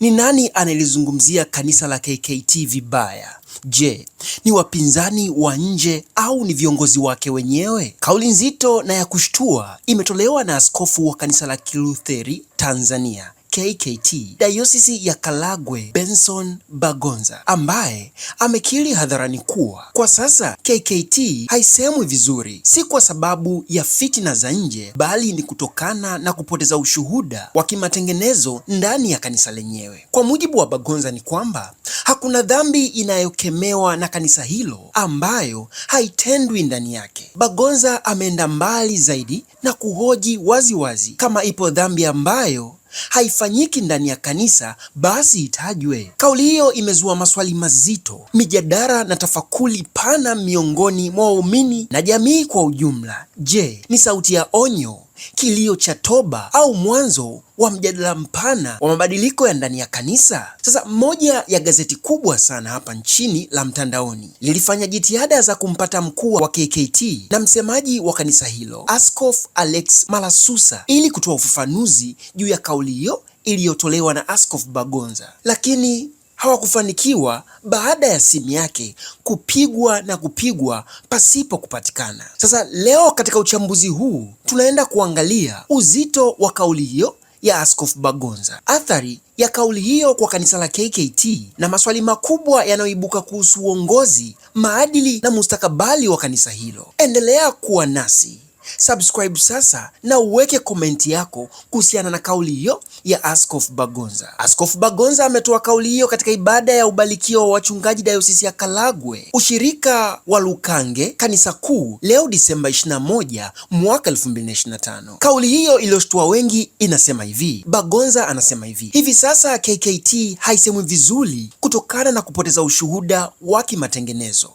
Ni nani anayelizungumzia kanisa la KKT vibaya? Je, ni wapinzani wa nje au ni viongozi wake wenyewe? Kauli nzito na ya kushtua imetolewa na askofu wa kanisa la Kilutheri Tanzania KKT Dayosisi ya Kalagwe Benson Bagonza ambaye amekiri hadharani kuwa kwa sasa KKT haisemwi vizuri, si kwa sababu ya fitina za nje, bali ni kutokana na kupoteza ushuhuda wa kimatengenezo ndani ya kanisa lenyewe. Kwa mujibu wa Bagonza ni kwamba hakuna dhambi inayokemewa na kanisa hilo ambayo haitendwi ndani yake. Bagonza ameenda mbali zaidi na kuhoji waziwazi wazi kama ipo dhambi ambayo haifanyiki ndani ya kanisa, basi itajwe. Kauli hiyo imezua maswali mazito, mijadala na tafakuli pana miongoni mwa waumini na jamii kwa ujumla. Je, ni sauti ya onyo kilio cha toba au mwanzo wa mjadala mpana wa mabadiliko ya ndani ya kanisa. Sasa, moja ya gazeti kubwa sana hapa nchini la mtandaoni lilifanya jitihada za kumpata mkuu wa KKT na msemaji wa kanisa hilo Askofu Alex Malasusa ili kutoa ufafanuzi juu ya kauli hiyo iliyotolewa na Askofu Bagonza, lakini hawakufanikiwa baada ya simu yake kupigwa na kupigwa pasipo kupatikana. Sasa leo katika uchambuzi huu tunaenda kuangalia uzito wa kauli hiyo ya Askofu Bagonza, athari ya kauli hiyo kwa kanisa la KKT na maswali makubwa yanayoibuka kuhusu uongozi, maadili na mustakabali wa kanisa hilo. Endelea kuwa nasi. Subscribe sasa na uweke komenti yako kuhusiana na kauli hiyo ya Askofu Bagonza. Askofu Bagonza ametoa kauli hiyo katika ibada ya ubalikio wa wachungaji dayosisi ya Kalagwe, ushirika wa Lukange, kanisa kuu, leo Disemba 21 mwaka 2025. Kauli hiyo iliyoshtua wengi inasema hivi. Bagonza anasema hivi: hivi sasa KKT haisemwi vizuri kutokana na kupoteza ushuhuda wa kimatengenezo.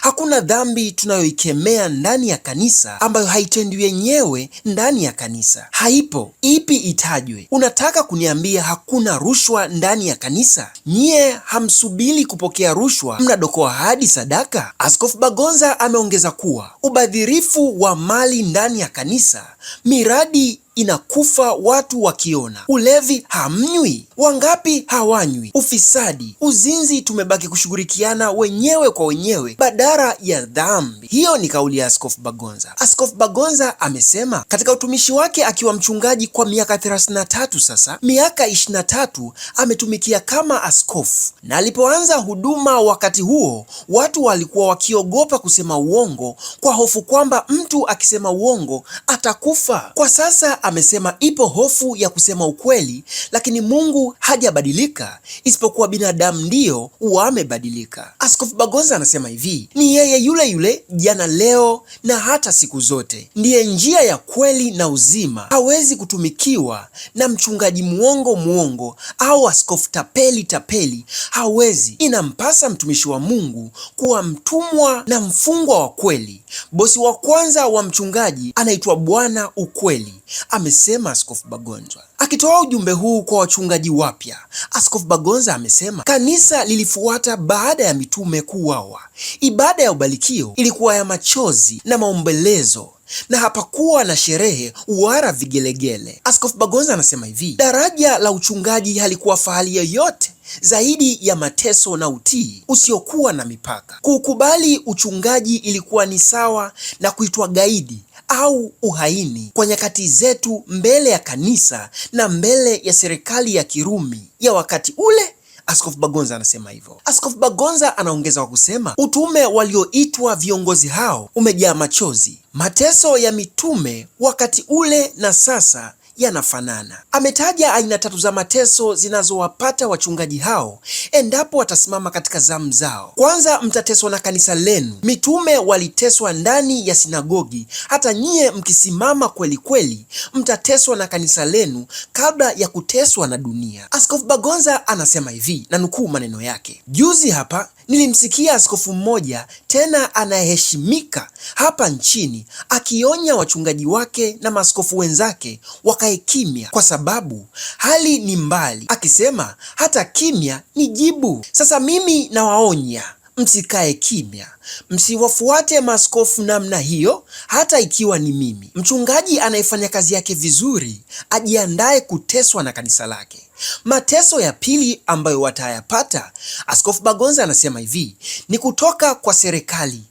Hakuna dhambi tunayoikemea ndani ya kanisa ambayo haitendi yenyewe ndani ya kanisa. Haipo. Ipi itajwe? Unataka kuniambia hakuna rushwa ndani ya kanisa? Nyie hamsubiri kupokea rushwa, mnadokoa hadi sadaka. Askofu Bagonza ameongeza kuwa ubadhirifu wa mali ndani ya kanisa miradi inakufa watu wakiona. Ulevi hamnywi, wangapi hawanywi? Ufisadi, uzinzi, tumebaki kushughulikiana wenyewe kwa wenyewe badala ya dhambi. Hiyo ni kauli ya Askofu Bagonza. Askofu Bagonza amesema katika utumishi wake akiwa mchungaji kwa miaka 33 sasa, miaka 23 ametumikia kama askofu, na alipoanza huduma wakati huo watu walikuwa wakiogopa kusema uongo kwa hofu kwamba mtu akisema uongo atakufa kufa. Kwa sasa amesema ipo hofu ya kusema ukweli, lakini Mungu hajabadilika, isipokuwa binadamu ndiyo wamebadilika. Askofu Bagonza anasema hivi, ni yeye yule yule jana, leo na hata siku zote, ndiye njia ya kweli na uzima. Hawezi kutumikiwa na mchungaji mwongo mwongo au askofu tapeli tapeli, hawezi. Inampasa mtumishi wa Mungu kuwa mtumwa na mfungwa wa kweli. Bosi wa kwanza wa mchungaji anaitwa Bwana ukweli, amesema Askofu bagonzwa Akitoa ujumbe huu kwa wachungaji wapya, Askofu Bagonza amesema kanisa lilifuata baada ya mitume kuuawa. Ibada ya ubalikio ilikuwa ya machozi na maombelezo na hapakuwa na sherehe wala vigelegele. Askofu Bagonza anasema hivi, daraja la uchungaji halikuwa fahali yoyote zaidi ya mateso na utii usiokuwa na mipaka. Kuukubali uchungaji ilikuwa ni sawa na kuitwa gaidi au uhaini kwa nyakati zetu mbele ya kanisa na mbele ya serikali ya Kirumi ya wakati ule. Askofu Bagonza anasema hivyo. Askofu Bagonza anaongeza kwa kusema utume walioitwa viongozi hao umejaa machozi, mateso ya mitume wakati ule na sasa yanafanana. Ametaja aina tatu za mateso zinazowapata wachungaji hao endapo watasimama katika zamu zao. Kwanza, mtateswa na kanisa lenu. Mitume waliteswa ndani ya sinagogi, hata nyie mkisimama kweli kweli mtateswa na kanisa lenu kabla ya kuteswa na dunia. Askofu Bagonza anasema hivi, na nukuu maneno yake: juzi hapa Nilimsikia askofu mmoja tena anayeheshimika hapa nchini akionya wachungaji wake na maaskofu wenzake wakae kimya, kwa sababu hali ni mbali, akisema hata kimya ni jibu. Sasa mimi nawaonya msikae kimya, msiwafuate maskofu namna hiyo, hata ikiwa ni mimi. Mchungaji anayefanya kazi yake vizuri ajiandaye kuteswa na kanisa lake. Mateso ya pili ambayo watayapata, Askofu Bagonza anasema hivi, ni kutoka kwa serikali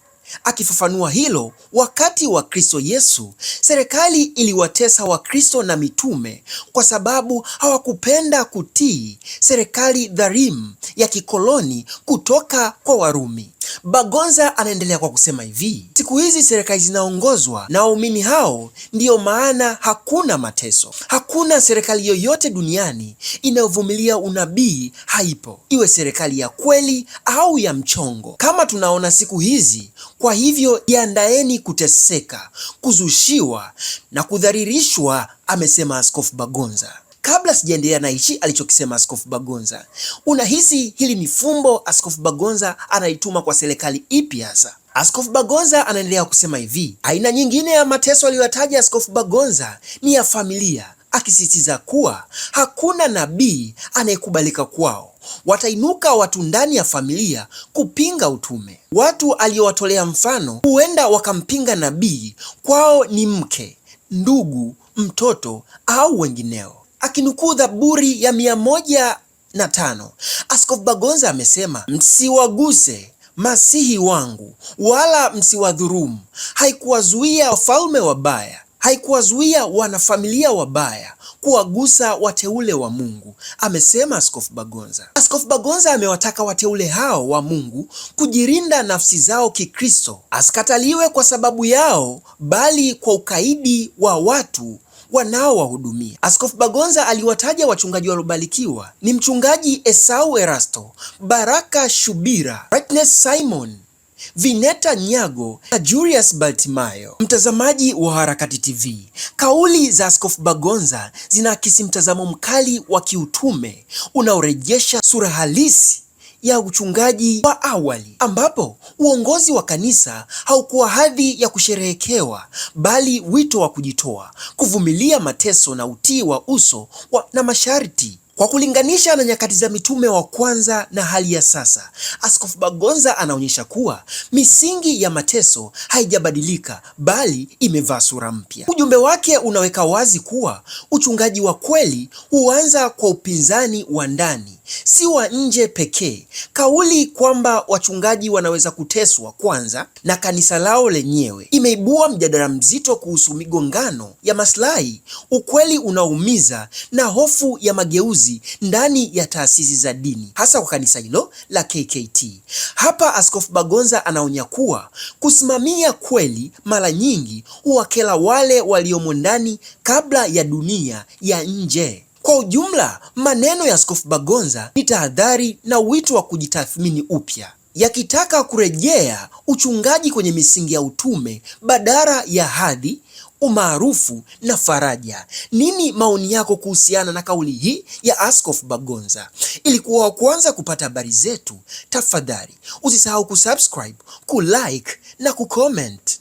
Akifafanua hilo, wakati wa Kristo Yesu, serikali iliwatesa Wakristo na mitume kwa sababu hawakupenda kutii serikali dhalimu ya kikoloni kutoka kwa Warumi. Bagonza anaendelea kwa kusema hivi: siku hizi serikali zinaongozwa na waumini hao, ndiyo maana hakuna mateso. Hakuna serikali yoyote duniani inayovumilia unabii, haipo, iwe serikali ya kweli au ya mchongo, kama tunaona siku hizi kwa hivyo jiandaeni kuteseka, kuzushiwa na kudharirishwa, amesema Askofu Bagonza. Kabla sijaendelea na hichi alichokisema Askofu Bagonza, unahisi hili ni fumbo Askofu Bagonza anaituma kwa serikali ipi hasa? Askofu Bagonza anaendelea kusema hivi, aina nyingine ya mateso aliyoyataja Askofu Bagonza ni ya familia, akisisitiza kuwa hakuna nabii anayekubalika kwao watainuka watu ndani ya familia kupinga utume. Watu aliowatolea mfano huenda wakampinga nabii, kwao ni mke, ndugu, mtoto au wengineo. Akinukuu Zaburi ya mia moja na tano, Askofu Bagonza amesema msiwaguse masihi wangu wala msiwadhurumu, haikuwazuia wafalme wabaya haikuwazuia wanafamilia wabaya kuwagusa wateule wa Mungu, amesema Askofu Bagonza. Askofu Bagonza amewataka wateule hao wa Mungu kujirinda nafsi zao Kikristo, asikataliwe kwa sababu yao, bali kwa ukaidi wa watu wanaowahudumia. Askofu Bagonza aliwataja wachungaji waliobarikiwa ni mchungaji Esau Erasto, Baraka Shubira, Brightness Simon Vineta Nyago na Julius Baltimayo. Mtazamaji wa Harakati TV, kauli za Askofu Bagonza zinaakisi mtazamo mkali wa kiutume unaorejesha sura halisi ya uchungaji wa awali ambapo uongozi wa kanisa haukuwa hadhi ya kusherehekewa, bali wito wa kujitoa, kuvumilia mateso na utii wa uso wa na masharti. Kwa kulinganisha na nyakati za mitume wa kwanza na hali ya sasa, Askofu Bagonza anaonyesha kuwa misingi ya mateso haijabadilika bali imevaa sura mpya. Ujumbe wake unaweka wazi kuwa uchungaji wa kweli huanza kwa upinzani wa ndani si wa nje pekee. Kauli kwamba wachungaji wanaweza kuteswa kwanza na kanisa lao lenyewe imeibua mjadala mzito kuhusu migongano ya maslahi, ukweli unaoumiza na hofu ya mageuzi ndani ya taasisi za dini, hasa kwa kanisa hilo la KKT. Hapa Askofu Bagonza anaonya kuwa kusimamia kweli mara nyingi huwakela wale waliomo ndani kabla ya dunia ya nje. Kwa ujumla, maneno ya Askofu Bagonza ni tahadhari na wito wa kujitathmini upya, yakitaka kurejea uchungaji kwenye misingi ya utume badala ya hadhi, umaarufu na faraja. Nini maoni yako kuhusiana na kauli hii ya Askofu Bagonza? Ili kuwa wa kwanza kupata habari zetu, tafadhali usisahau kusubscribe, kulike na kucomment.